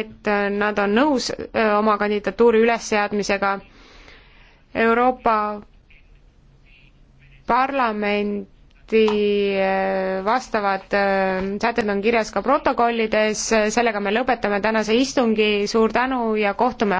et äh, nad on nõus äh, oma kandidatuuri ülesseadmisega. Euroopa Parlamendi äh, vastavad sätted on kirjas ka protokollides, sellega me lõpetame tänase istungi, suur tänu ja kohtume